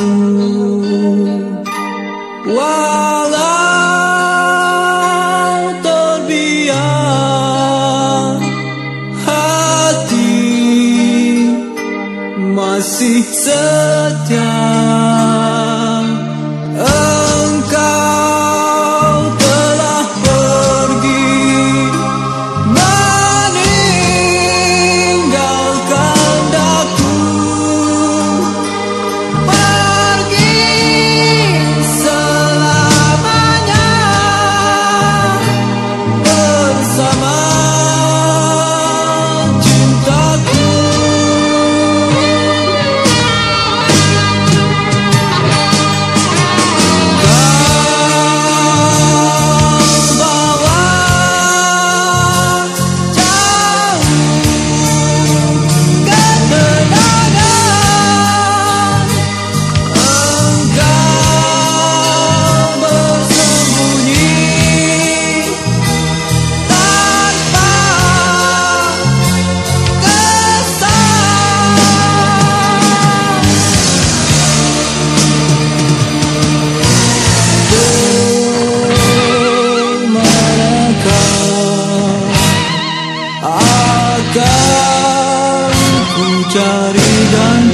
aku Walau terbiar hati masih setia akan ku cari dan